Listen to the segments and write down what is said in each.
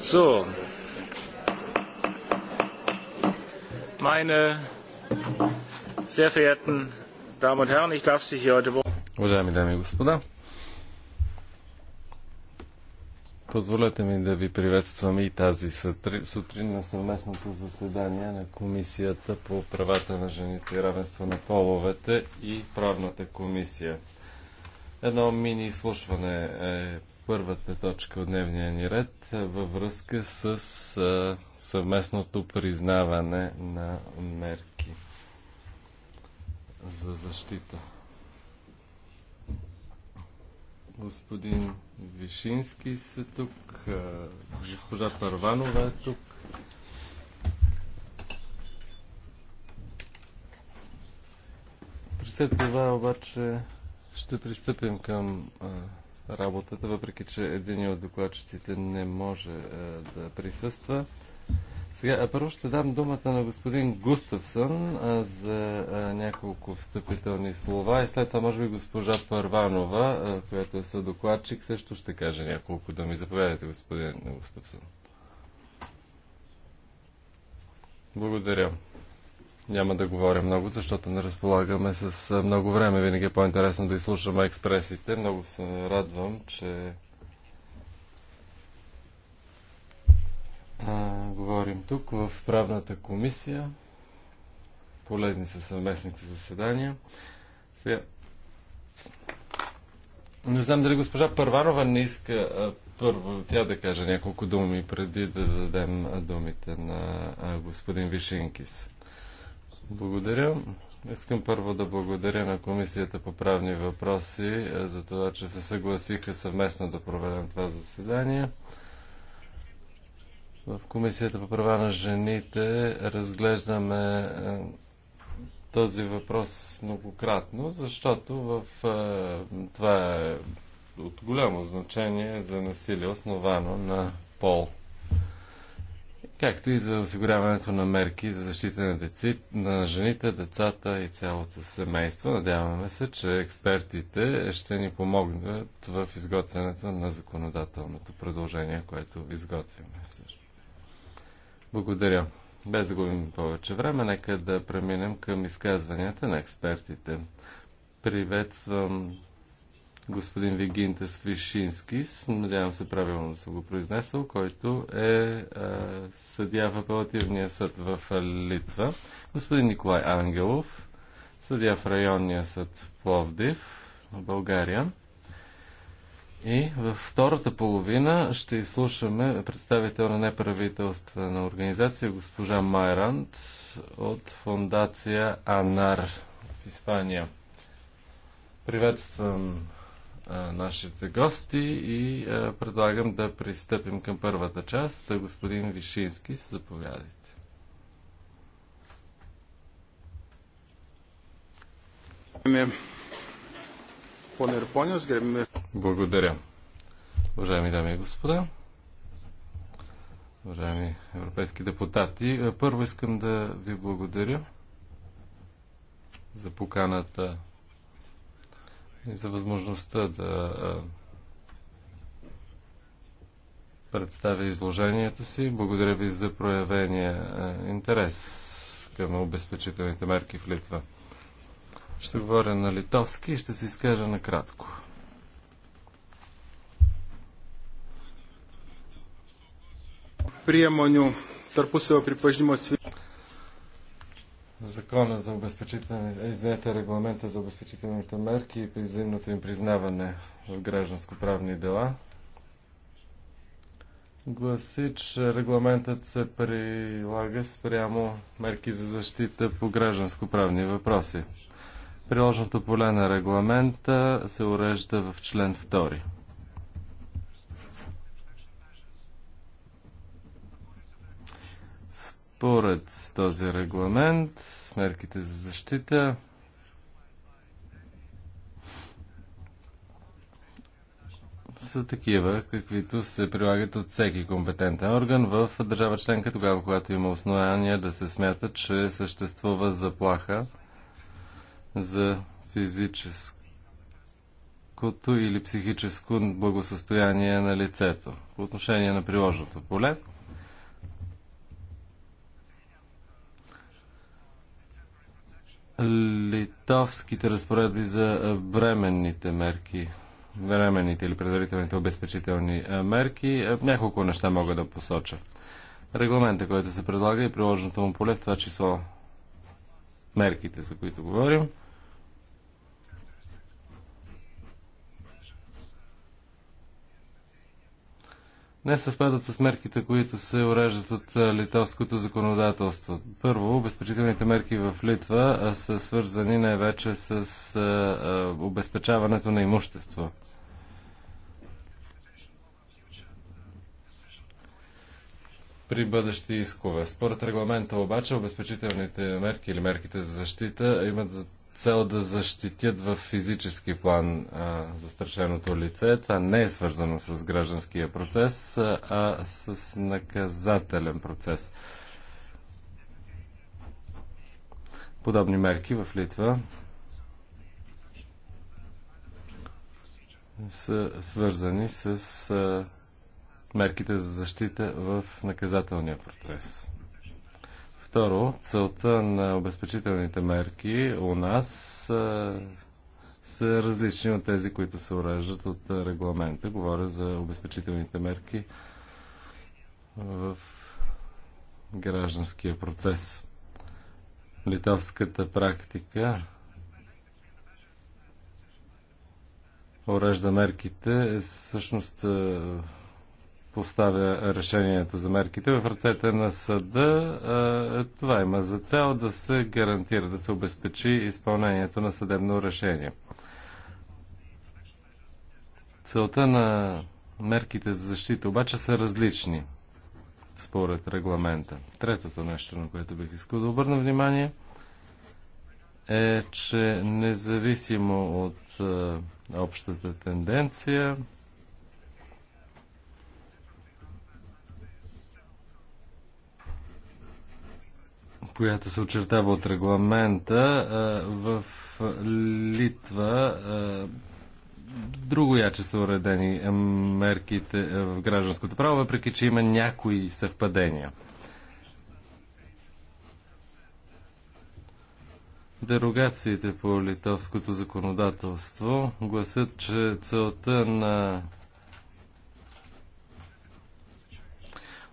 So, meine sehr verehrten Damen und Herren, ich darf Sie hier heute. Уважаеми дами и господа, позволете ми да ви приветствам и тази сутрин на съвместното заседание на Комисията по правата на жените и равенство на половете и правната комисия. Едно мини изслушване е първата точка от дневния ни ред във връзка с съвместното признаване на мерки за защита. Господин Вишински се тук, госпожа Парванова е тук. При след това обаче ще пристъпим към работата, въпреки че един от докладчиците не може е, да присъства. Сега, първо ще дам думата на господин Густавсън а, е, за а, е, няколко встъпителни слова и след това може би госпожа Парванова, а, която е съдокладчик, също ще каже няколко думи. Заповядайте, господин Густавсън. Благодаря. Няма да говоря много, защото не разполагаме с много време. Винаги е по-интересно да изслушаме експресите. Много се радвам, че а, говорим тук в правната комисия. Полезни са съвместните заседания. Сега... Не знам дали госпожа Първанова не иска а, първо тя да каже няколко думи преди да дадем думите на а, господин Вишинкис. Благодаря. Искам първо да благодаря на Комисията по правни въпроси е, за това, че се съгласиха съвместно да проведем това заседание. В Комисията по права на жените разглеждаме е, този въпрос многократно, защото в, е, това е от голямо значение за насилие, основано на пол както и за осигуряването на мерки за защита на, деци, на жените, децата и цялото семейство. Надяваме се, че експертите ще ни помогнат в изготвянето на законодателното предложение, което изготвяме Благодаря. Без да губим повече време, нека да преминем към изказванията на експертите. Приветствам господин Вигинта Свишински, надявам се правилно съм го произнесъл, който е а, е, съдя в апелативния съд в е, Литва, господин Николай Ангелов, съдя в районния съд Пловдив, България. И във втората половина ще изслушаме представител на неправителствена организация госпожа Майрант от фундация Анар в Испания. Приветствам нашите гости и предлагам да пристъпим към първата част. Господин Вишински, заповядайте. Благодаря. Уважаеми дами и господа, уважаеми европейски депутати, първо искам да ви благодаря за поканата и за възможността да представя изложението си. Благодаря ви за проявения интерес към обезпечителните мерки в Литва. Ще говоря на литовски и ще се изкажа накратко. Приемоню tarpusavio pripažinimo закона за обезпечителни, е, извинете, регламента за обезпечителните мерки и при взаимното им признаване в гражданско-правни дела гласи, че регламентът се прилага спрямо мерки за защита по гражданско-правни въпроси. Приложното поле на регламента се урежда в член 2. Според този регламент, мерките за защита са такива, каквито се прилагат от всеки компетентен орган в държава членка, тогава, когато има основания да се смята, че съществува заплаха за физическото или психическо благосъстояние на лицето. По отношение на приложното поле, литовските разпоредби за бременните мерки, временните или предварителните обезпечителни мерки, няколко неща мога да посоча. Регламента, който се предлага и приложеното му поле, в това число мерките, за които говорим – не съвпадат с мерките, които се уреждат от литовското законодателство. Първо, обезпечителните мерки в Литва са свързани най-вече с обезпечаването на имущество. при бъдещи искове. Според регламента обаче обезпечителните мерки или мерките за защита имат за цел да защитят в физически план а, застрашеното лице. Това не е свързано с гражданския процес, а с наказателен процес. Подобни мерки в Литва са свързани с а, мерките за защита в наказателния процес. Второ, целта на обезпечителните мерки у нас са различни от тези, които се уреждат от регламента. Говоря за обезпечителните мерки в гражданския процес. Литовската практика урежда мерките всъщност поставя решението за мерките в ръцете на съда. Това има за цел да се гарантира, да се обезпечи изпълнението на съдебно решение. Целта на мерките за защита обаче са различни според регламента. Третото нещо, на което бих искал да обърна внимание, е, че независимо от общата тенденция, която се очертава от регламента, в Литва друго яче са уредени мерките в гражданското право, въпреки че има някои съвпадения. Дерогациите по литовското законодателство гласят, че целта на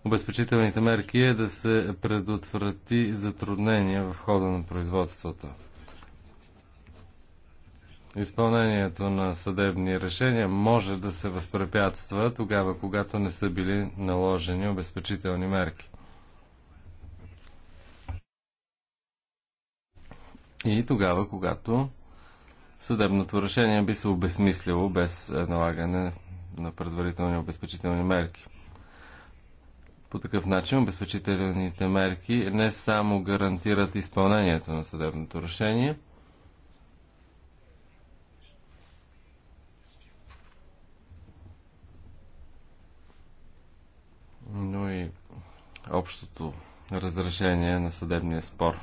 обезпечителните мерки е да се предотврати затруднение в хода на производството. Изпълнението на съдебни решения може да се възпрепятства тогава, когато не са били наложени обезпечителни мерки. И тогава, когато съдебното решение би се обезмислило без налагане на предварителни обезпечителни мерки. По такъв начин обезпечителните мерки не само гарантират изпълнението на съдебното решение, но и общото разрешение на съдебния спор.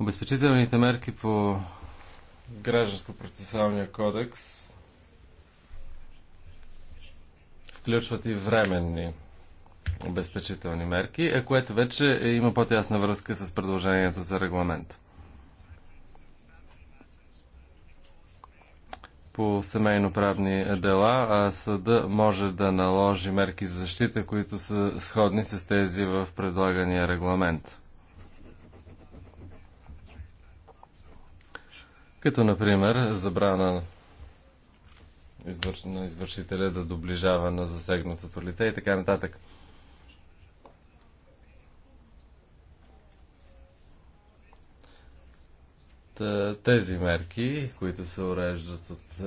Обезпечителните мерки по Гражданско-процесуалния кодекс включват и временни обезпечителни мерки, е, което вече е има по-тясна връзка с предложението за регламент. по семейно-правни дела, съда може да наложи мерки за защита, които са сходни с тези в предлагания регламент. Като, например, забрана на извършителя да доближава на засегнатото лице и така нататък. Тези мерки, които се уреждат от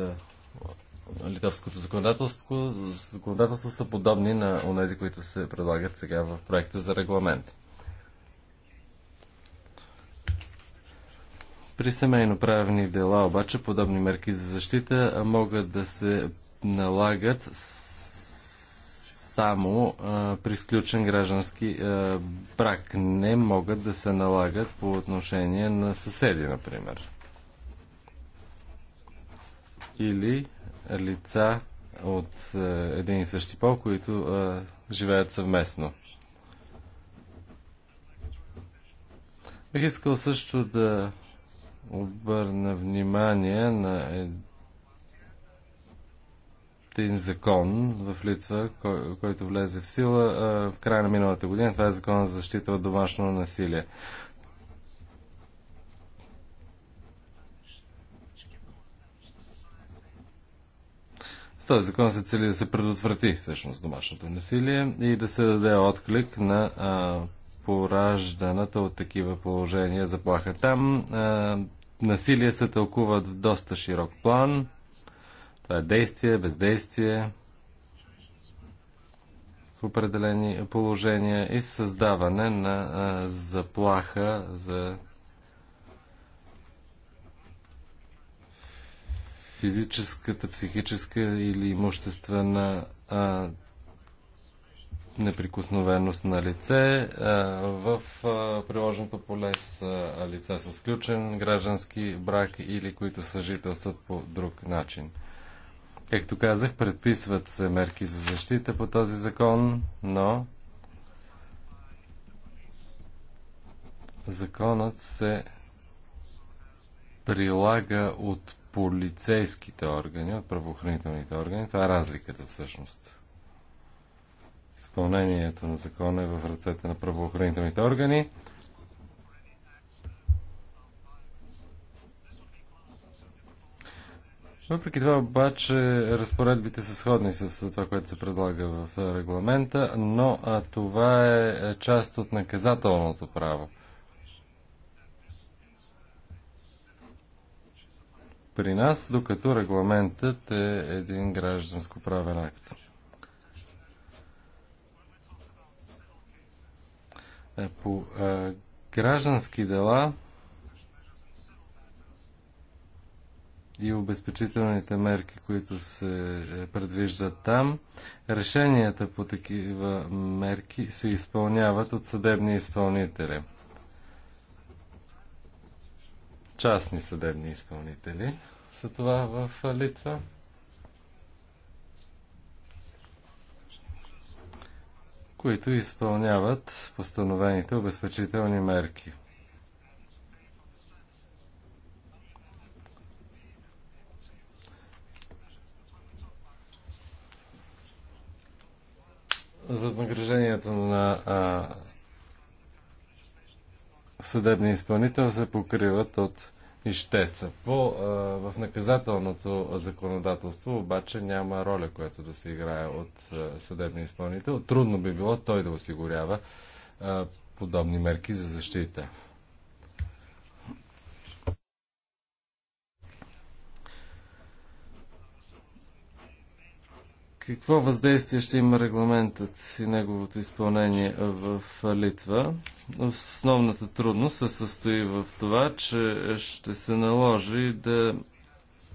е, литовското законодателство, законодателство са подобни на тези, които се предлагат сега в проекта за регламент. При семейно правени дела обаче подобни мерки за защита могат да се налагат само а, при сключен граждански а, брак. Не могат да се налагат по отношение на съседи, например. Или лица от а, един и същи пол, които а, живеят съвместно. Бих искал също да обърна внимание на един закон в Литва, кой, който влезе в сила а, в края на миналата година. Това е закон за защита от домашно насилие. С този закон се цели да се предотврати всъщност домашното насилие и да се даде отклик на а, поражданата от такива положения заплаха. Там а, насилие се тълкуват в доста широк план. Това е действие, бездействие в определени положения и създаване на а, заплаха за физическата, психическа или имуществена а, неприкосновеност на лице. Е, в е, приложеното поле са лица с включен граждански брак или които съжителстват по друг начин. Както казах, предписват се мерки за защита по този закон, но законът се прилага от полицейските органи, от правоохранителните органи. Това е разликата всъщност изпълнението на закона е в ръцете на правоохранителните органи. Въпреки това обаче разпоредбите са сходни с това, което се предлага в регламента, но а, това е част от наказателното право. При нас, докато регламентът е един гражданско правен акт. Е, по е, граждански дела и обезпечителните мерки, които се е, предвиждат там, решенията по такива мерки се изпълняват от съдебни изпълнители. Частни съдебни изпълнители са това в Литва. които изпълняват постановените обезпечителни мерки. Възнаграждението на а, съдебния изпълнител се покриват от ищеца. По, а, в наказателното законодателство обаче няма роля, която да се играе от а, съдебния изпълнител. Трудно би било той да осигурява а, подобни мерки за защита. Какво въздействие ще има регламентът и неговото изпълнение в Литва? Основната трудност се състои в това, че ще се наложи да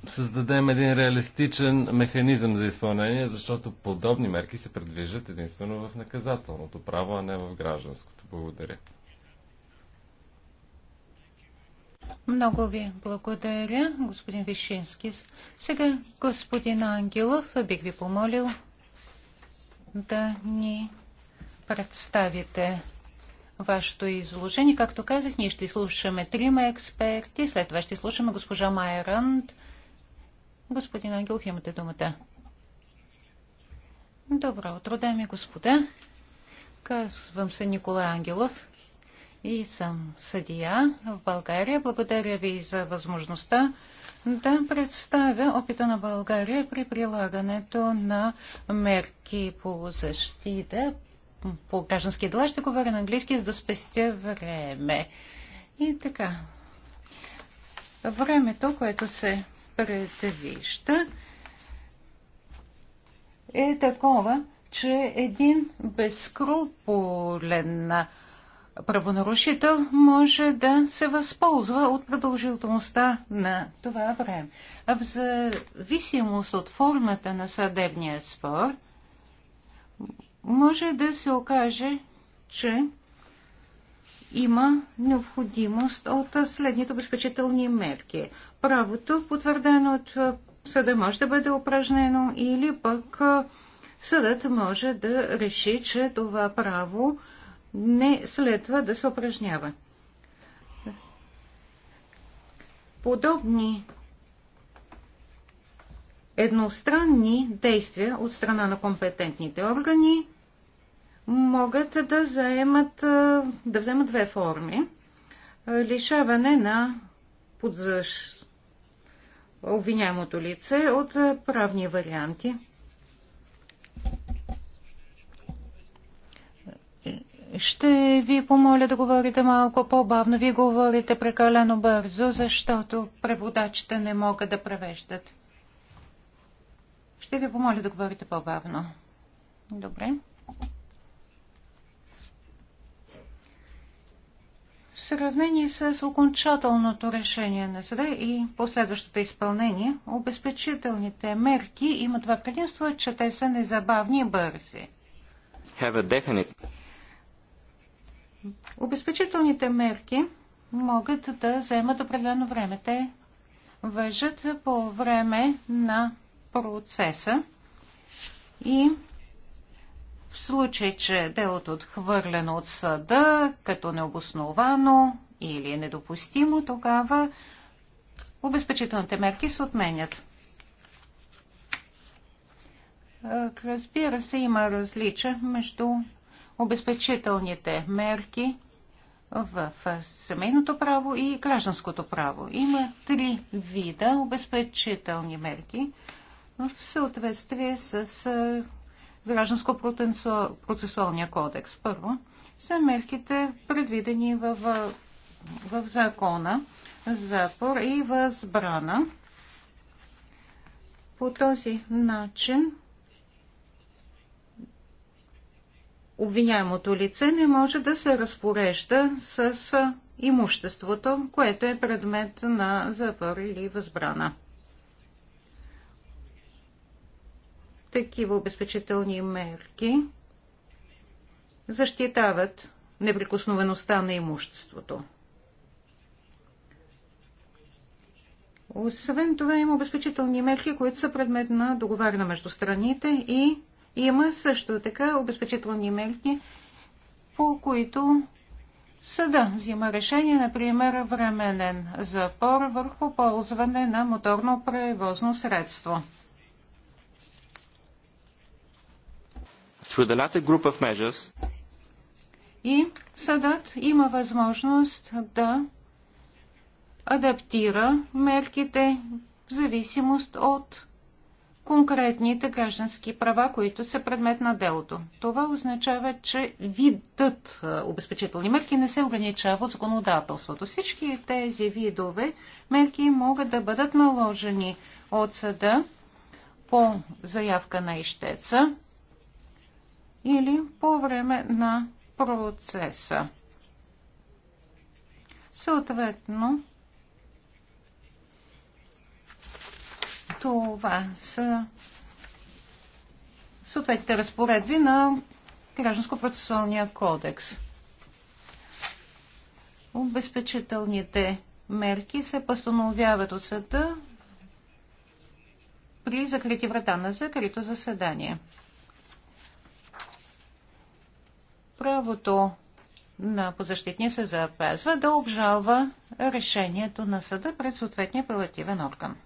създадем един реалистичен механизъм за изпълнение, защото подобни мерки се предвиждат единствено в наказателното право, а не в гражданското. Благодаря. Много ви благодаря, господин Вишински. Сега, господин Ангелов, бих ви помолил да ни представите вашето изложение. Както казах, ние ще слушаме трима експерти, след това ще слушаме госпожа Майранд. Господин Ангелов, имате думата. Добро утро, дами и господа. Казвам се Николай Ангелов и съм съдия в България. Благодаря ви за възможността да представя опита на България при прилагането на мерки по защита по граждански дела. Ще говоря на английски, за да спестя време. И така. Времето, което се предвижда, е такова, че един безкруполен правонарушител може да се възползва от продължителността на това време. А в зависимост от формата на съдебния спор, може да се окаже, че има необходимост от следните обезпечителни мерки. Правото, потвърдено от съда, може да бъде упражнено или пък съдът може да реши, че това право не следва да се упражнява. Подобни едностранни действия от страна на компетентните органи могат да, заемат, да вземат две форми. Лишаване на подзъж обвиняемото лице от правни варианти – Ще ви помоля да говорите малко по-бавно. Вие говорите прекалено бързо, защото преводачите не могат да превеждат. Ще ви помоля да говорите по-бавно. Добре. В сравнение с окончателното решение на съда и последващото изпълнение, обезпечителните мерки имат това предимство, че те са незабавни и бързи. Have a definite Обезпечителните мерки могат да вземат определено време. Те въжат по време на процеса и в случай, че делото е отхвърлено от съда като необосновано или е недопустимо, тогава обезпечителните мерки се отменят. Разбира се, има различия между обезпечителните мерки в семейното право и гражданското право. Има три вида обезпечителни мерки в съответствие с гражданско-процесуалния кодекс. Първо са мерките предвидени в, в, в закона запор и възбрана. По този начин обвиняемото лице не може да се разпорежда с имуществото, което е предмет на запор или възбрана. Такива обезпечителни мерки защитават неприкосновеността на имуществото. Освен това има обезпечителни мерки, които са предмет на договаряне между страните и има също така обезпечителни мерки, по които съда взима решение, например, временен запор върху ползване на моторно превозно средство. Measures... И съдът има възможност да адаптира мерките в зависимост от конкретните граждански права, които са предмет на делото. Това означава, че видът обезпечителни мерки не се ограничава от законодателството. Всички тези видове мерки могат да бъдат наложени от съда по заявка на ищеца или по време на процеса. Съответно, Това са съответните разпоредби на Гражданско-процесуалния кодекс. Обезпечителните мерки се постановяват от съда при закрити врата на закрито заседание. Правото на позащитния се запазва да обжалва решението на съда пред съответния апелативен орган.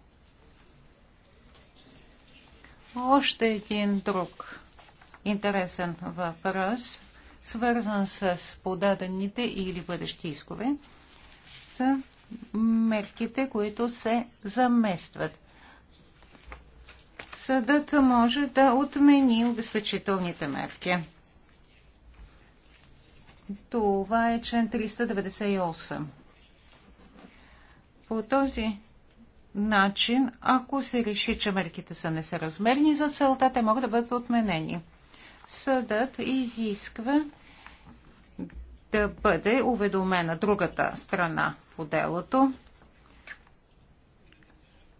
Още един друг интересен въпрос, свързан с подадените или бъдещи искове, са мерките, които се заместват. Съдът може да отмени обезпечителните мерки. Това е член 398. По този начин, ако се реши, че мерките са несъразмерни за целта, те могат да бъдат отменени. Съдът изисква да бъде уведомена другата страна по делото.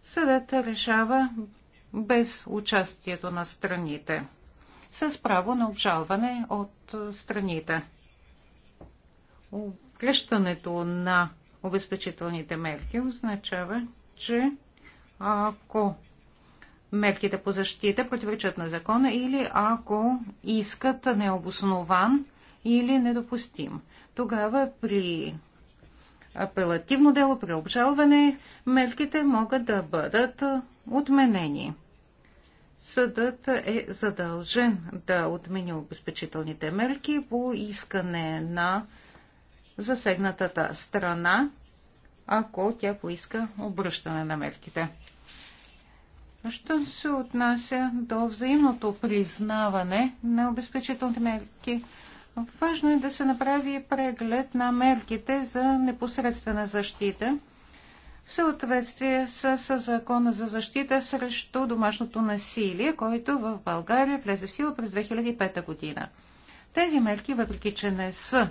Съдът решава без участието на страните, с право на обжалване от страните. Връщането на обезпечителните мерки означава, че ако мерките по защита противоречат на закона или ако искат необоснован е или недопустим. Тогава при апелативно дело, при обжалване, мерките могат да бъдат отменени. Съдът е задължен да отмени обезпечителните мерки по искане на засегнатата страна ако тя поиска обръщане на мерките. Що се отнася до взаимното признаване на обезпечителните мерки, важно е да се направи преглед на мерките за непосредствена защита в съответствие с, с Закона за защита срещу домашното насилие, който в България влезе в сила през 2005 година. Тези мерки, въпреки че не са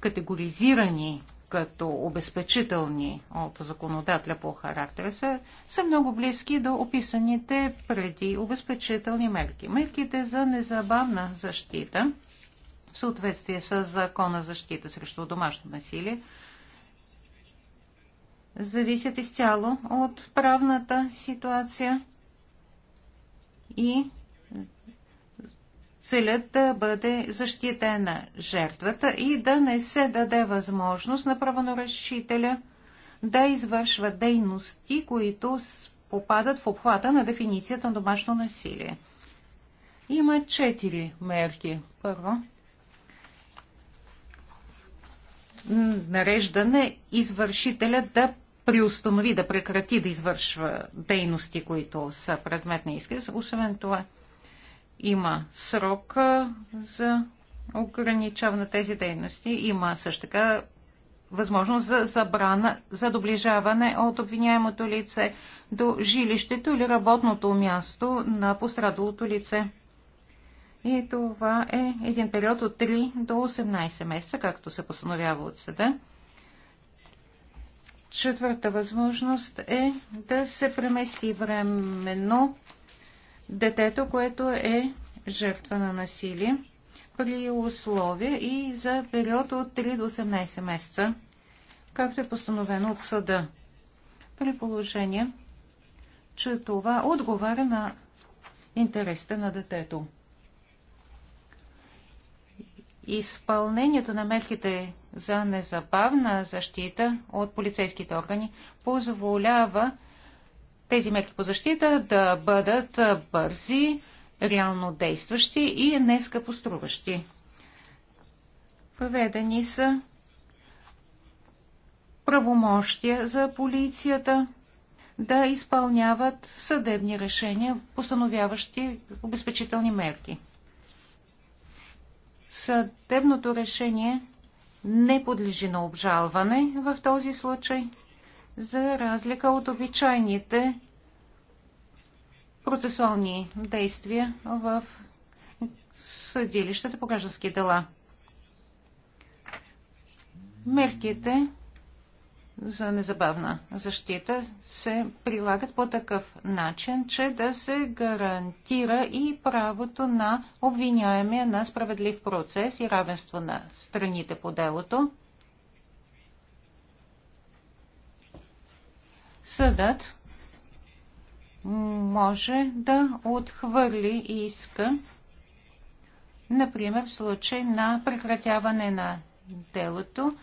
категоризирани като обезпечителни от законодателя по характера са, са много близки до описаните преди обезпечителни мерки. Мерките за незабавна защита в съответствие с закона защита срещу домашно насилие зависят изцяло от правната ситуация и целят да бъде защитена жертвата и да не се даде възможност на правонарушителя да извършва дейности, които попадат в обхвата на дефиницията на домашно насилие. Има четири мерки. Първо, нареждане извършителя да приустанови, да прекрати да извършва дейности, които са предмет на искане. Освен това, има срок за ограничаване на тези дейности. Има също така възможност за забрана за доближаване от обвиняемото лице до жилището или работното място на пострадалото лице. И това е един период от 3 до 18 месеца, както се постановява от съда. Четвърта възможност е да се премести временно детето, което е жертва на насилие при условия и за период от 3 до 18 месеца, както е постановено от съда. При положение, че това отговаря на интересите на детето. Изпълнението на мерките за незабавна защита от полицейските органи позволява тези мерки по защита да бъдат бързи, реално действащи и нескъпоструващи. Въведени са правомощия за полицията да изпълняват съдебни решения, постановяващи обезпечителни мерки. Съдебното решение не подлежи на обжалване в този случай – за разлика от обичайните процесуални действия в съдилищата по граждански дела. Мерките за незабавна защита се прилагат по такъв начин, че да се гарантира и правото на обвиняемия на справедлив процес и равенство на страните по делото. съдът може да отхвърли иска, например в случай на прекратяване на делото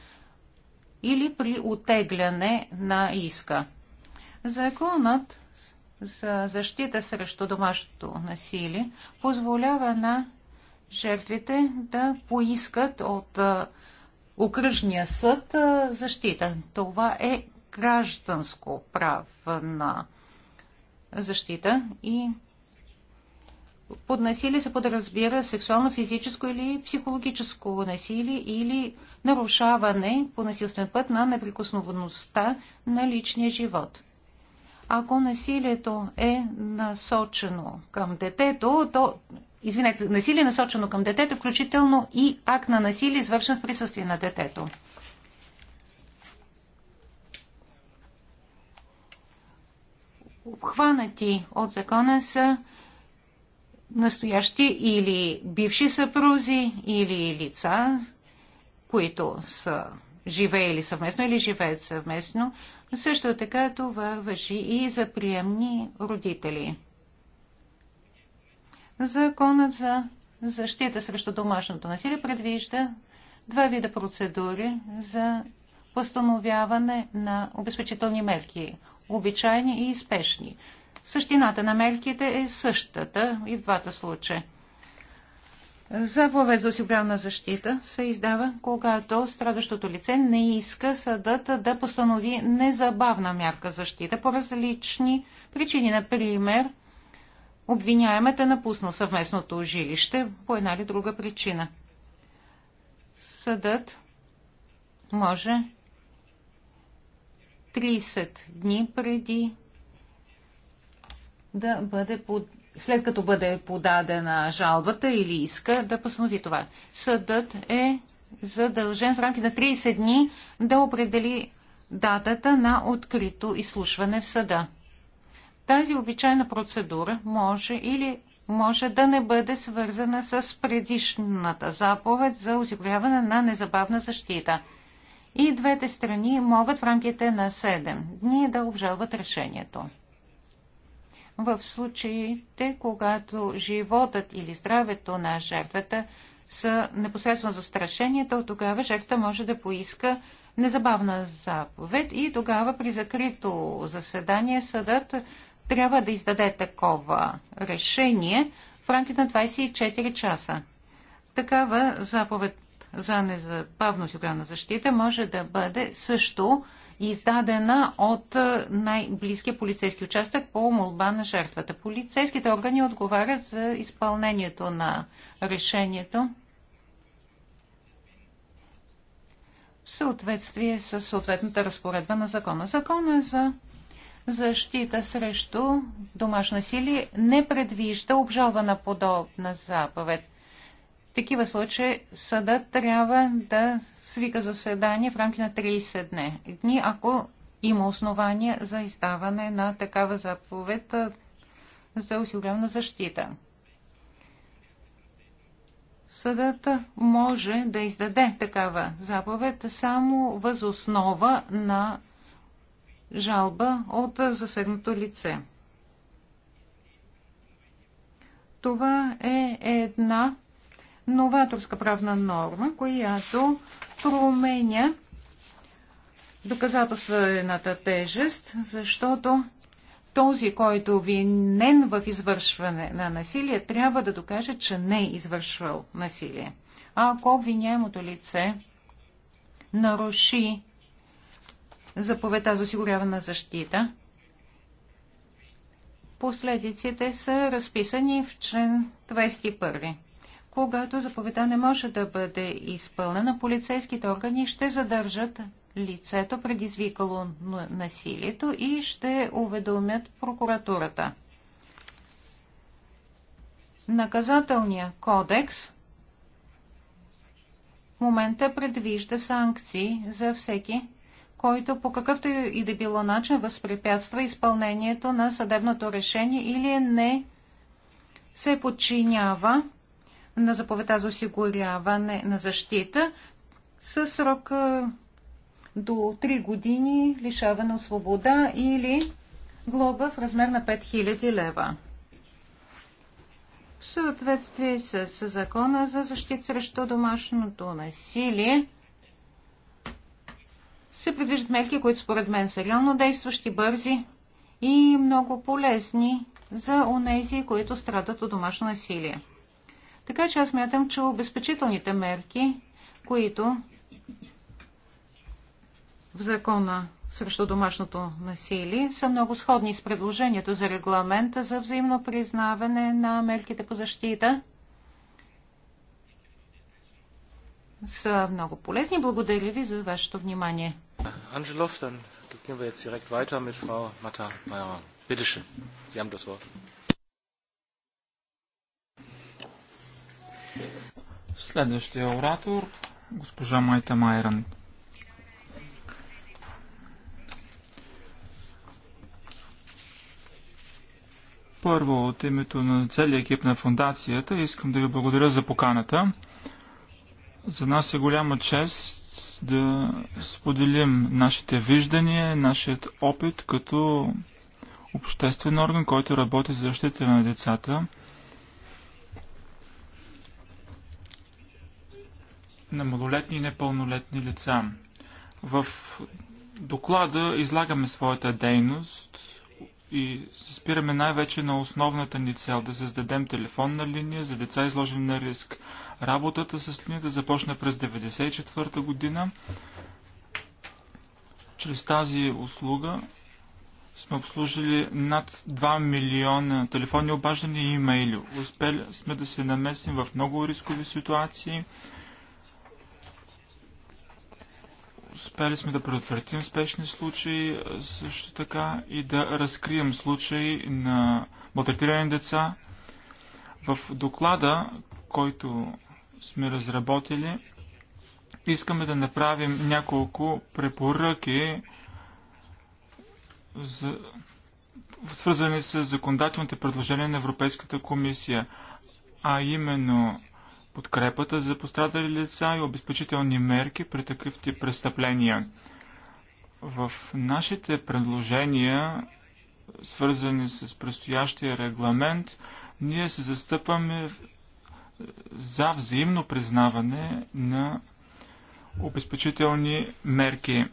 или при отегляне на иска. Законът за защита срещу домашното насилие позволява на жертвите да поискат от окръжния съд защита. Това е гражданско правна защита и под насилие се подразбира сексуално, физическо или психологическо насилие или нарушаване по насилствен път на неприкосновеността на личния живот. Ако насилието е насочено към детето, то извинете, насилие е насочено към детето, включително и акт на насилие, извършен в присъствие на детето. обхванати от закона са настоящи или бивши съпрузи, или лица, които са живеели съвместно или живеят съвместно. Също така това въжи и за приемни родители. Законът за защита срещу домашното насилие предвижда два вида процедури за постановяване на обезпечителни мерки, обичайни и спешни. Същината на мерките е същата и в двата случая. Заповед за осигурявна защита се издава, когато страдащото лице не иска съдът да постанови незабавна мярка защита по различни причини. Например, обвиняемът е напуснал съвместното жилище по една или друга причина. Съдът може 30 дни преди да бъде под... след като бъде подадена жалбата или иска да постанови това. Съдът е задължен в рамките на 30 дни да определи датата на открито изслушване в съда. Тази обичайна процедура може или може да не бъде свързана с предишната заповед за осигуряване на незабавна защита – и двете страни могат в рамките на 7 дни да обжалват решението. В случаите, когато животът или здравето на жертвата са непосредствено застрашени, то тогава жертвата може да поиска незабавна заповед и тогава при закрито заседание съдът трябва да издаде такова решение в рамките на 24 часа. Такава заповед за незабавно осигурена защита може да бъде също издадена от най-близкия полицейски участък по молба на жертвата. Полицейските органи отговарят за изпълнението на решението в съответствие с съответната разпоредба на закона. Закона за защита срещу домашна сили не предвижда обжалвана подобна заповед такива случаи съдът трябва да свика заседание в рамки на 30 дни, ако има основания за издаване на такава заповед за осигуряване защита. Съдът може да издаде такава заповед само въз основа на жалба от засегнато лице. Това е една новаторска правна норма, която променя доказателствената тежест, защото този, който винен в извършване на насилие, трябва да докаже, че не е извършвал насилие. А ако обвиняемото лице наруши заповедта за осигуряване на защита, последиците са разписани в член 21 когато заповедта не може да бъде изпълнена, полицейските органи ще задържат лицето, предизвикало насилието и ще уведомят прокуратурата. Наказателния кодекс в момента предвижда санкции за всеки, който по какъвто и да било начин възпрепятства изпълнението на съдебното решение или не се подчинява на заповедта за осигуряване на защита с срок до 3 години лишаване от свобода или глоба в размер на 5000 лева. В съответствие с, закона за защита срещу домашното насилие се предвиждат мерки, които според мен са реално действащи, бързи и много полезни за онези, които страдат от домашно насилие. Така че аз мятам, че обезпечителните мерки, които в закона срещу домашното насилие са много сходни с предложението за регламента за взаимно признаване на мерките по защита. Са много полезни. Благодаря ви за вашето внимание. Анжелов, dann gehen wir jetzt direkt weiter mit Frau Matta-Meyer. Bitte schön, Sie haben das Wort. Следващия оратор, госпожа Майта Майран. Първо, от името на целия екип на фундацията, искам да ви благодаря за поканата. За нас е голяма чест да споделим нашите виждания, нашият опит като обществен орган, който работи за защита на децата – на малолетни и непълнолетни лица. В доклада излагаме своята дейност и се спираме най-вече на основната ни цел да създадем телефонна линия за деца изложени на риск. Работата с линията започна през 1994 година. Чрез тази услуга сме обслужили над 2 милиона телефонни обаждания и имейли. Успели сме да се намесим в много рискови ситуации – Успели сме да предотвратим спешни случаи, също така и да разкрием случаи на малтретирани деца. В доклада, който сме разработили, искаме да направим няколко препоръки, за... свързани с законодателните предложения на Европейската комисия, а именно подкрепата за пострадали лица и обезпечителни мерки при такъв тип престъпления. В нашите предложения, свързани с предстоящия регламент, ние се застъпаме за взаимно признаване на обезпечителни мерки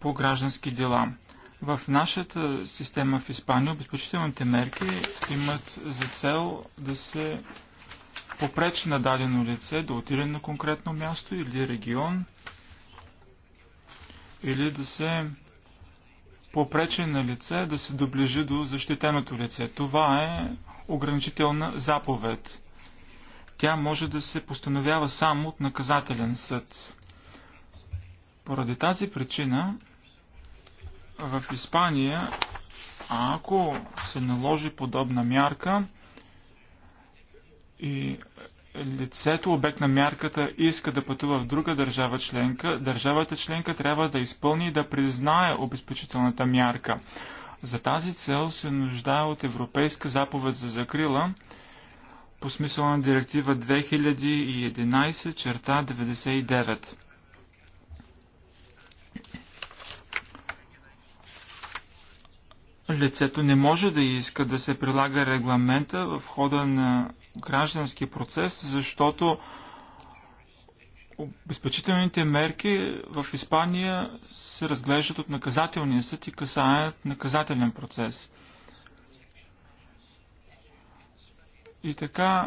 по граждански дела. В нашата система в Испания обезпечителните мерки имат за цел да се попречи на дадено лице да отиде на конкретно място или регион или да се попречи на лице да се доближи до защитеното лице. Това е ограничителна заповед. Тя може да се постановява само от наказателен съд. Поради тази причина в Испания, ако се наложи подобна мярка и лицето, обект на мярката, иска да пътува в друга държава членка, държавата членка трябва да изпълни и да признае обезпечителната мярка. За тази цел се нуждае от Европейска заповед за закрила по смисъл на директива 2011 черта 99. лицето не може да иска да се прилага регламента в хода на граждански процес, защото обезпечителните мерки в Испания се разглеждат от наказателния съд и касаят наказателен процес. И така,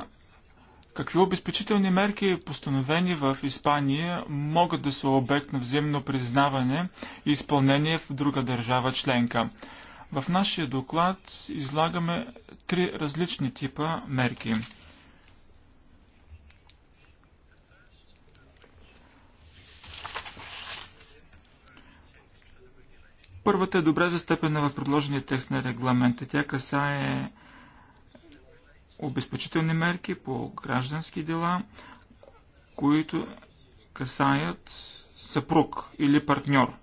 какви обезпечителни мерки, постановени в Испания, могат да са обект на взаимно признаване и изпълнение в друга държава членка? В нашия доклад излагаме три различни типа мерки. Първата е добре застъпена в предложения текст на регламента. Тя касае обезпечителни мерки по граждански дела, които касаят съпруг или партньор –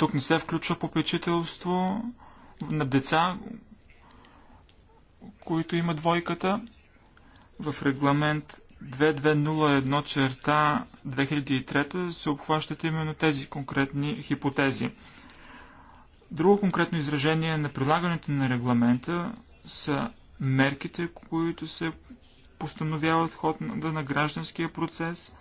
Тук не се включва попечителство на деца, които има двойката. В регламент 2201 черта 2003 се обхващат именно тези конкретни хипотези. Друго конкретно изражение на прилагането на регламента са мерките, които се постановяват в на гражданския процес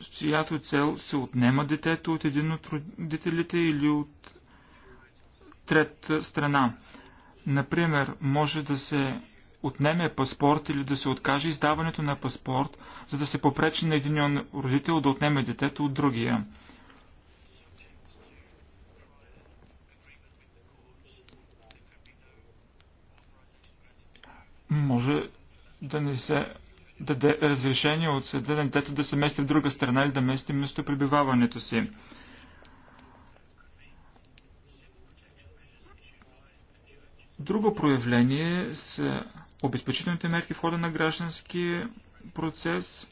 с чиято цел се отнема детето от един от родителите или от трета страна. Например, може да се отнеме паспорт или да се откаже издаването на паспорт, за да се попречи на един родител да отнеме детето от другия. Може да не се даде разрешение от съда на детето да се мести в друга страна или да мести местопребиваването си. Друго проявление са обезпечителните мерки в хода на граждански процес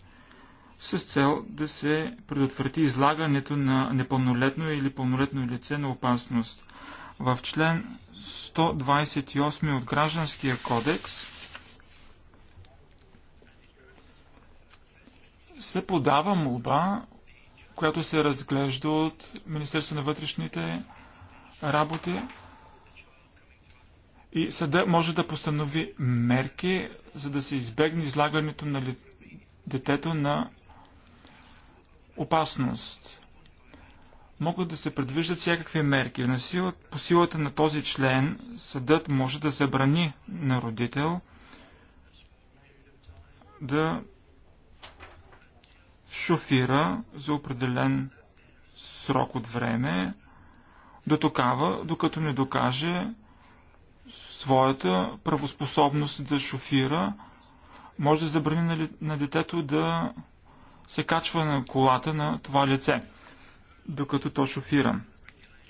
с цел да се предотврати излагането на непълнолетно или пълнолетно лице на опасност. В член 128 от Гражданския кодекс се подава молба, която се разглежда от Министерство на вътрешните работи и съда може да постанови мерки, за да се избегне излагането на детето на опасност. Могат да се предвиждат всякакви мерки. На сила, по силата на този член съдът може да забрани на родител да шофира за определен срок от време, до тогава, докато не докаже своята правоспособност да шофира, може да забрани на детето да се качва на колата на това лице, докато то шофира.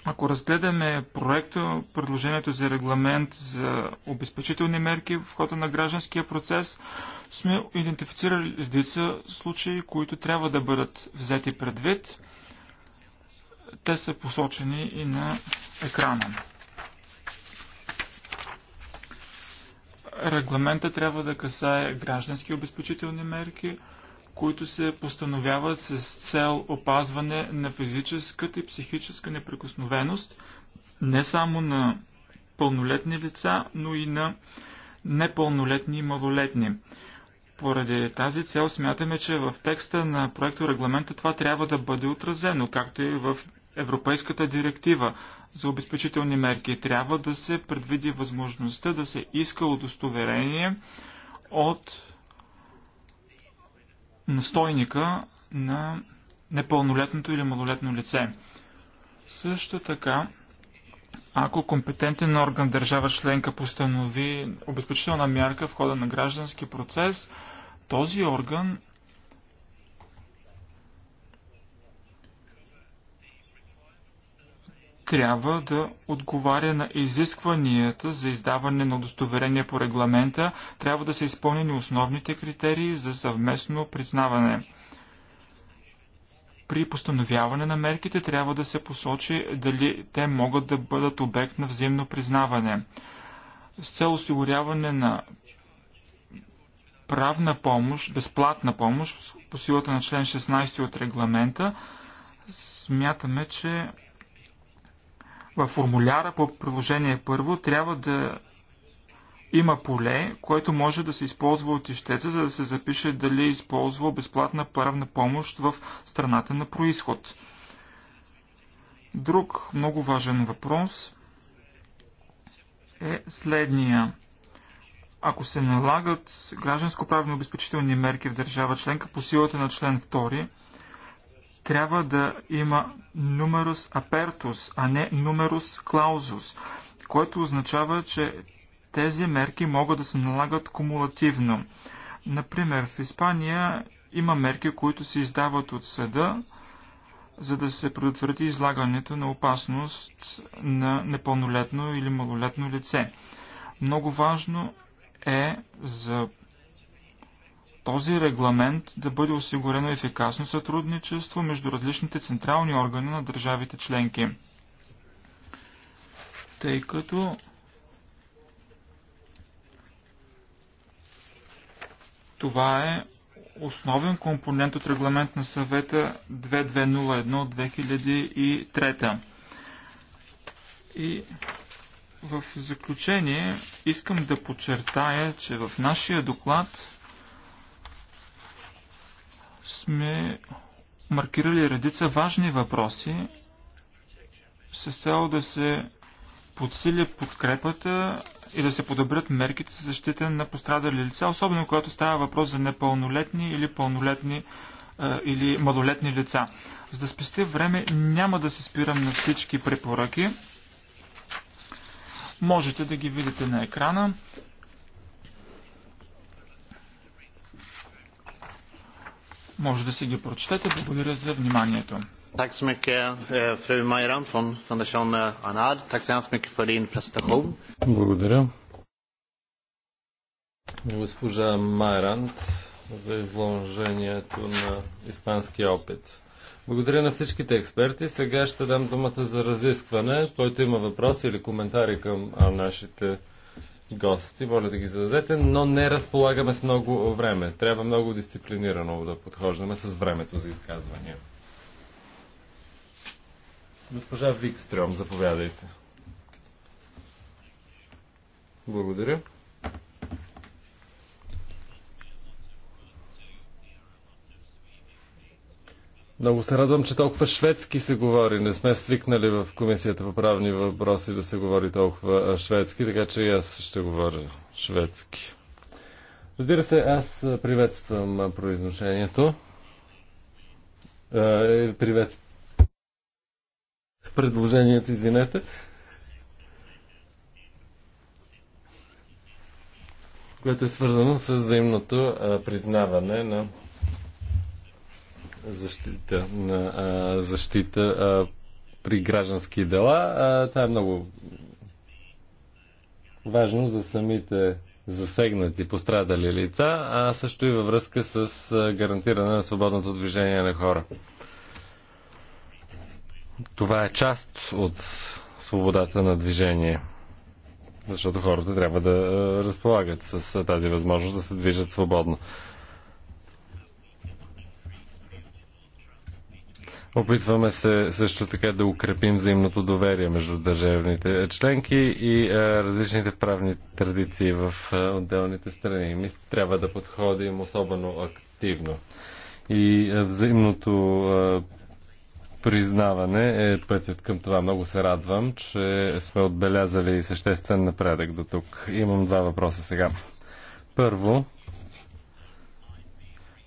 Ако разгледаме проекта, предложението за регламент за обезпечителни мерки в хода на гражданския процес, сме идентифицирали редица случаи, които трябва да бъдат взети предвид. Те са посочени и на екрана. Регламента трябва да касае граждански обезпечителни мерки – които се постановяват с цел опазване на физическата и психическа неприкосновеност не само на пълнолетни лица, но и на непълнолетни и малолетни. Поради тази цел смятаме, че в текста на проекто регламента това трябва да бъде отразено, както и в Европейската директива за обезпечителни мерки. Трябва да се предвиди възможността да се иска удостоверение от настойника на непълнолетното или малолетно лице. Също така, ако компетентен орган държава членка постанови обезпечителна мярка в хода на граждански процес, този орган трябва да отговаря на изискванията за издаване на удостоверение по регламента, трябва да са изпълнени основните критерии за съвместно признаване. При постановяване на мерките трябва да се посочи дали те могат да бъдат обект на взаимно признаване. С цел осигуряване на правна помощ, безплатна помощ по силата на член 16 от регламента, смятаме, че във формуляра по приложение първо трябва да има поле, което може да се използва от ищеца, за да се запише дали е използвал безплатна правна помощ в страната на происход. Друг много важен въпрос е следния. Ако се налагат гражданско правно обезпечителни мерки в държава членка по силата на член 2, трябва да има numerus apertus, а не numerus clausus, което означава, че тези мерки могат да се налагат кумулативно. Например, в Испания има мерки, които се издават от съда, за да се предотврати излагането на опасност на непълнолетно или малолетно лице. Много важно е за този регламент да бъде осигурено ефикасно сътрудничество между различните централни органи на държавите членки. Тъй като това е основен компонент от регламент на съвета 2201-2003. И в заключение искам да подчертая, че в нашия доклад сме маркирали редица важни въпроси с цел да се подсили подкрепата и да се подобрят мерките за защита на пострадали лица, особено когато става въпрос за непълнолетни или пълнолетни е, или малолетни лица. За да спести време, няма да се спирам на всички препоръки. Можете да ги видите на екрана. Може да си ги прочетете. Благодаря за вниманието. Eh, Благодаря. Госпожа Майранд за изложението на испанския опит. Благодаря на всичките експерти. Сега ще дам думата за разискване. Който има въпроси или коментари към нашите гости. Моля да ги зададете, но не разполагаме с много време. Трябва много дисциплинирано да подхождаме с времето за изказвания. Госпожа Викстрем, заповядайте. Благодаря. Много се радвам, че толкова шведски се говори. Не сме свикнали в Комисията по правни въпроси да се говори толкова шведски, така че и аз ще говоря шведски. Разбира се, аз приветствам произношението. Е, привет. Предложението, извинете. Което е свързано с взаимното признаване на защита, а, защита а, при граждански дела. А, това е много важно за самите засегнати, пострадали лица, а също и във връзка с гарантиране на свободното движение на хора. Това е част от свободата на движение. Защото хората трябва да разполагат с тази възможност да се движат свободно. Опитваме се също така да укрепим взаимното доверие между държавните членки и е, различните правни традиции в е, отделните страни. Ми трябва да подходим особено активно. И е, взаимното признаване е пътят към това. Много се радвам, че сме отбелязали съществен напредък до тук. Имам два въпроса сега. Първо,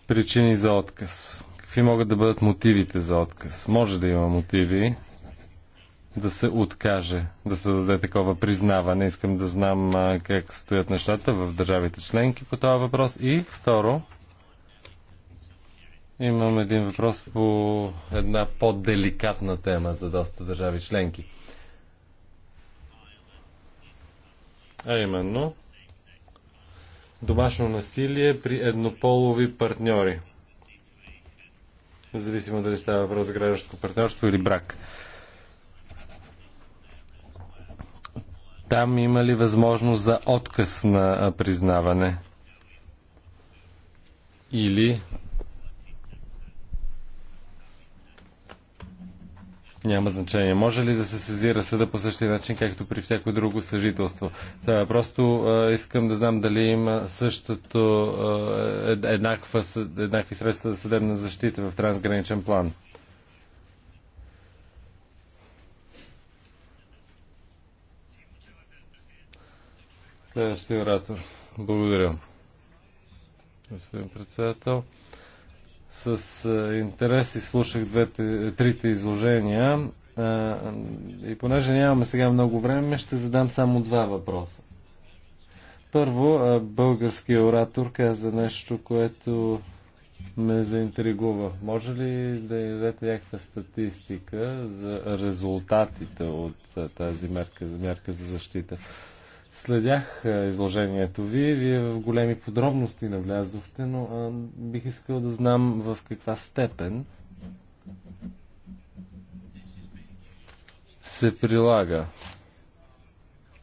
причини за отказ какви могат да бъдат мотивите за отказ. Може да има мотиви да се откаже, да се даде такова признаване. Искам да знам как стоят нещата в държавите членки по това въпрос. И второ, имам един въпрос по една по-деликатна тема за доста държави членки. А именно, домашно насилие при еднополови партньори независимо дали става въпрос за гражданско партньорство или брак. Там има ли възможност за отказ на признаване? Или няма значение. Може ли да се сезира съда по същия начин, както при всяко друго съжителство? Та, просто а, искам да знам дали има същото, а, е, еднаква, еднакви средства за съдебна защита в трансграничен план. Следващия оратор. Благодаря. Господин председател с е, интерес и слушах двете, е, трите изложения. Е, и понеже нямаме сега много време, ще задам само два въпроса. Първо, българският оратор каза нещо, което ме заинтригува. Може ли да дадете някаква статистика за резултатите от тази мерка, мерка за защита? Следях е, изложението ви, вие в големи подробности навлязохте, но а, бих искал да знам в каква степен се прилага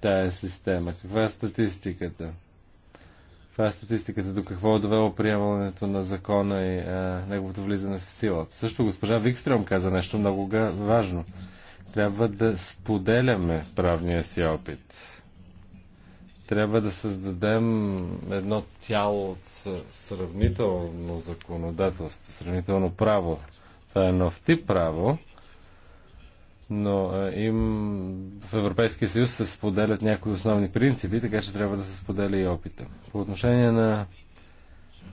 тая система, каква е статистиката. Каква е статистиката, до какво е довело приемането на закона и а, неговото влизане в сила. Също госпожа Викстрем каза нещо много важно. Трябва да споделяме правния си опит трябва да създадем едно тяло от сравнително законодателство, сравнително право. Това е нов тип право, но е, им в Европейския съюз се споделят някои основни принципи, така че трябва да се споделя и опита. По отношение на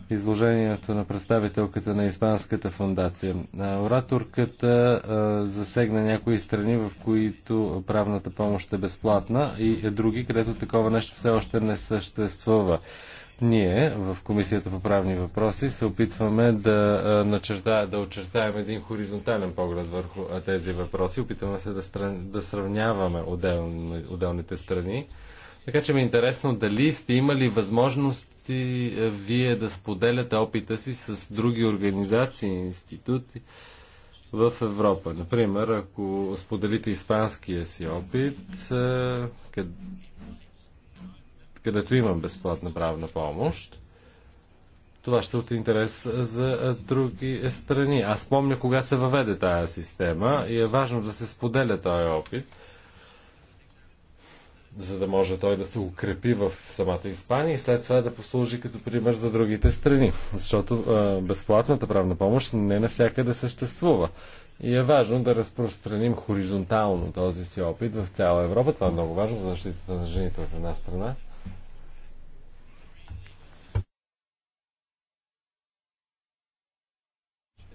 изложението на представителката на Испанската фундация. Ораторката засегна някои страни, в които правната помощ е безплатна и е други, където такова нещо все още не съществува. Ние в Комисията по правни въпроси се опитваме да, начертаем, да очертаем един хоризонтален поглед върху тези въпроси. Опитваме се да, стран, да сравняваме отделни, отделните страни. Така че ми е интересно дали сте имали възможност възможности е, вие да споделяте опита си с други организации и институти в Европа. Например, ако споделите испанския си опит, е, къд... където имам безплатна правна помощ, това ще е от интерес за други страни. Аз помня кога се въведе тая система и е важно да се споделя този опит – за да може той да се укрепи в самата Испания и след това да послужи като пример за другите страни. Защото а, безплатната правна помощ не навсякъде съществува. И е важно да разпространим хоризонтално този си опит в цяла Европа. Това е много важно за защитата на жените в една страна.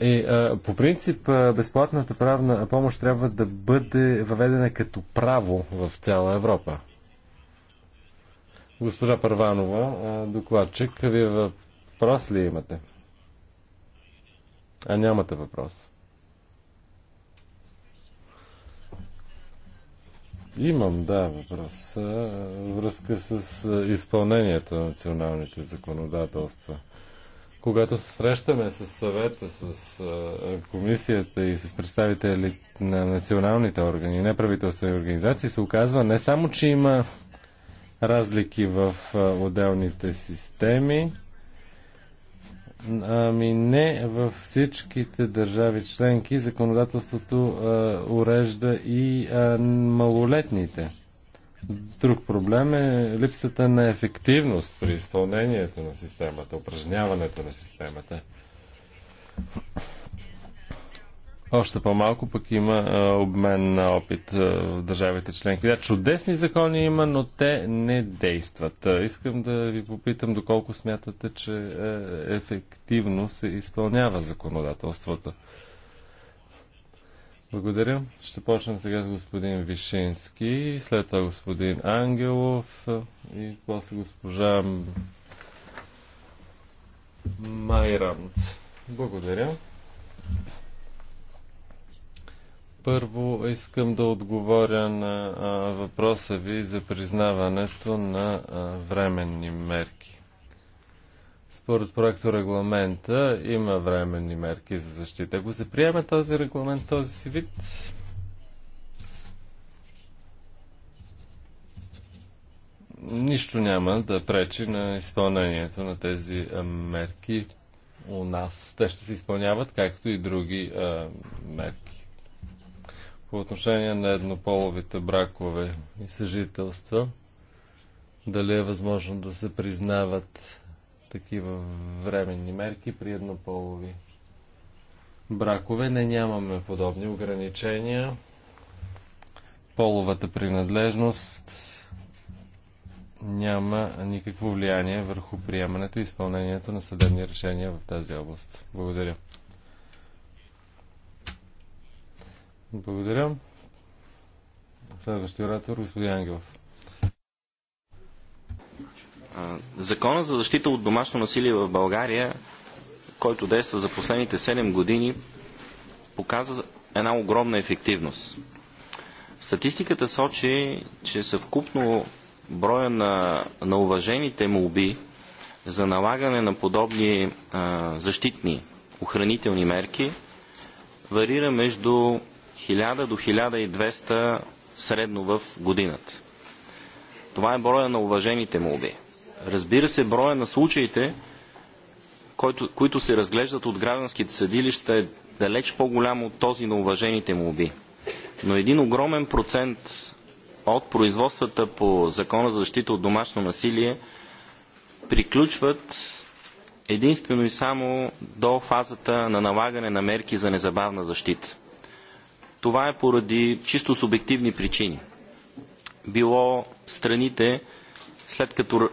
И, а, по принцип, а, безплатната правна помощ трябва да бъде въведена като право в цяла Европа. Госпожа Първанова, докладчик, вие въпрос ли имате? А нямате въпрос. Имам, да, въпрос. Връзка с изпълнението на националните законодателства. Когато се срещаме с съвета, с комисията и с представители на националните органи, неправителствени организации, се оказва не само, че има разлики в отделните системи. Ами не във всичките държави членки законодателството а, урежда и а, малолетните. Друг проблем е липсата на ефективност при изпълнението на системата, упражняването на системата. Още по-малко пък има а, обмен на опит а, в държавите членки. Да, чудесни закони има, но те не действат. А, искам да ви попитам доколко смятате, че е, ефективно се изпълнява законодателството. Благодаря. Ще почнем сега с господин Вишински, след това господин Ангелов и после госпожа Майрант. Благодаря. Първо искам да отговоря на а, въпроса ви за признаването на а, временни мерки. Според проекта регламента има временни мерки за защита. Ако се приеме този регламент, този си вид, нищо няма да пречи на изпълнението на тези мерки у нас. Те ще се изпълняват, както и други а, мерки по отношение на еднополовите бракове и съжителства, дали е възможно да се признават такива временни мерки при еднополови бракове. Не нямаме подобни ограничения. Половата принадлежност няма никакво влияние върху приемането и изпълнението на съдебни решения в тази област. Благодаря. Благодаря. Следващия оратор, господин Ангелов. Закона за защита от домашно насилие в България, който действа за последните 7 години, показа една огромна ефективност. Статистиката сочи, че съвкупно броя на, на уважените молби за налагане на подобни а, защитни охранителни мерки варира между 1000 до 1200 средно в годината. Това е броя на уважените молби. Разбира се, броя на случаите, който, които се разглеждат от гражданските съдилища е далеч по-голям от този на уважените молби. Но един огромен процент от производствата по Закона за защита от домашно насилие приключват единствено и само до фазата на налагане на мерки за незабавна защита. Това е поради чисто субективни причини. Било страните, след като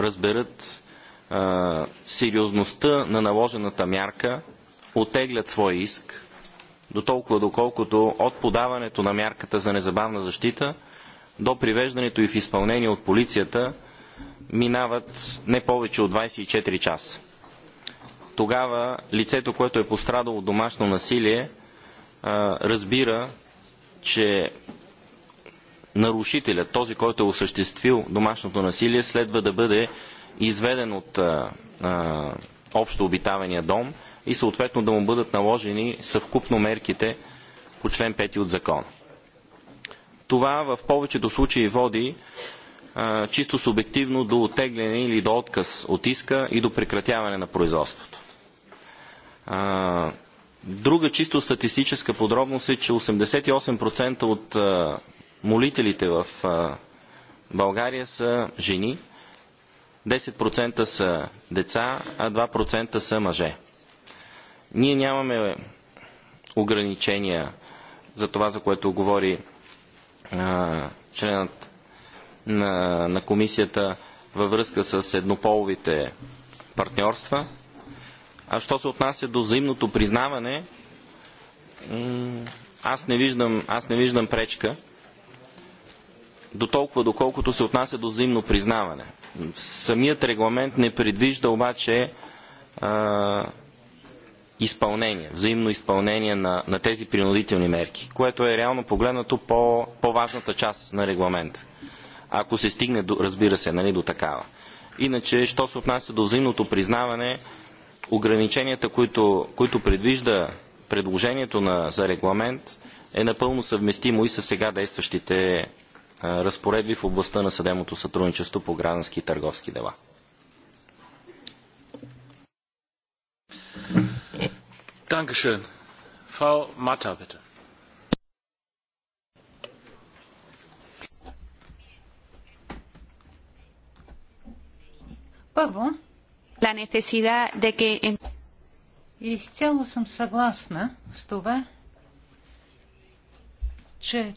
разберат а, сериозността на наложената мярка, отеглят своя иск, до толкова доколкото от подаването на мярката за незабавна защита до привеждането и в изпълнение от полицията минават не повече от 24 часа. Тогава лицето, което е пострадало от домашно насилие, разбира, че нарушителят, този, който е осъществил домашното насилие, следва да бъде изведен от а, а, общо обитавания дом и съответно да му бъдат наложени съвкупно мерките по член 5 от закона. Това в повечето случаи води а, чисто субективно до оттегляне или до отказ от иска и до прекратяване на производството. А, Друга чисто статистическа подробност е, че 88% от молителите в България са жени, 10% са деца, а 2% са мъже. Ние нямаме ограничения за това, за което говори а, членът на, на комисията във връзка с еднополовите партньорства – а що се отнася до взаимното признаване, аз не виждам, аз не виждам пречка до толкова, доколкото се отнася до взаимно признаване. Самият регламент не предвижда обаче а, изпълнение, взаимно изпълнение на, на тези принудителни мерки, което е реално погледнато по, по-важната част на регламента. Ако се стигне, до, разбира се, нали, до такава. Иначе, що се отнася до взаимното признаване, ограниченията, които, които предвижда предложението на, за регламент, е напълно съвместимо и с сега действащите е, разпоредби в областта на съдебното сътрудничество по граждански и търговски дела. Dankeschön. Frau bitte. Първо, la necesidad de que... Изцяло съм съгласна с това, че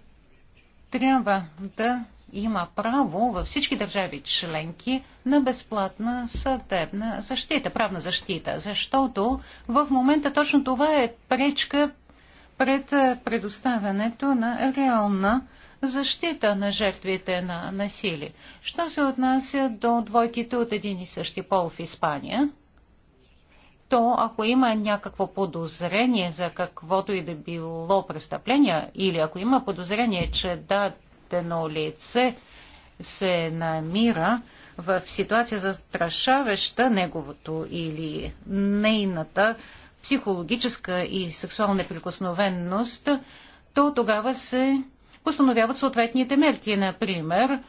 трябва да има право във всички държави членки на безплатна съдебна защита, правна защита, защото в момента точно това е пречка пред е, предоставянето на реална защита на жертвите на насилие. Що се отнася до двойките от един и същи пол в Испания, то ако има някакво подозрение за каквото и да било престъпление, или ако има подозрение, че дадено лице се намира в ситуация застрашаваща неговото или нейната психологическа и сексуална прикосновенност, то тогава се постановяват съответните мерки, например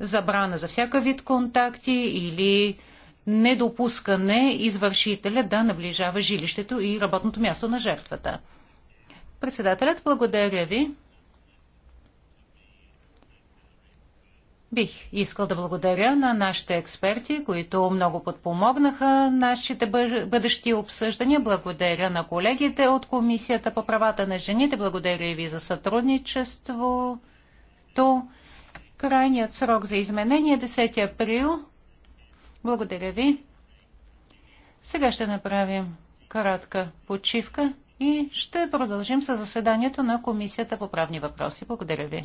забрана за всяка вид контакти или недопускане извършителя да наближава жилището и работното място на жертвата. Председателят, благодаря ви. Бих искал да благодаря на нашите експерти, които много подпомогнаха нашите бъдещи обсъждания. Благодаря на колегите от Комисията по правата на жените. Благодаря и ви за сътрудничеството. Крайният срок за изменение е 10 април. Благодаря ви. Сега ще направим кратка почивка и ще продължим с заседанието на Комисията по правни въпроси. Благодаря ви.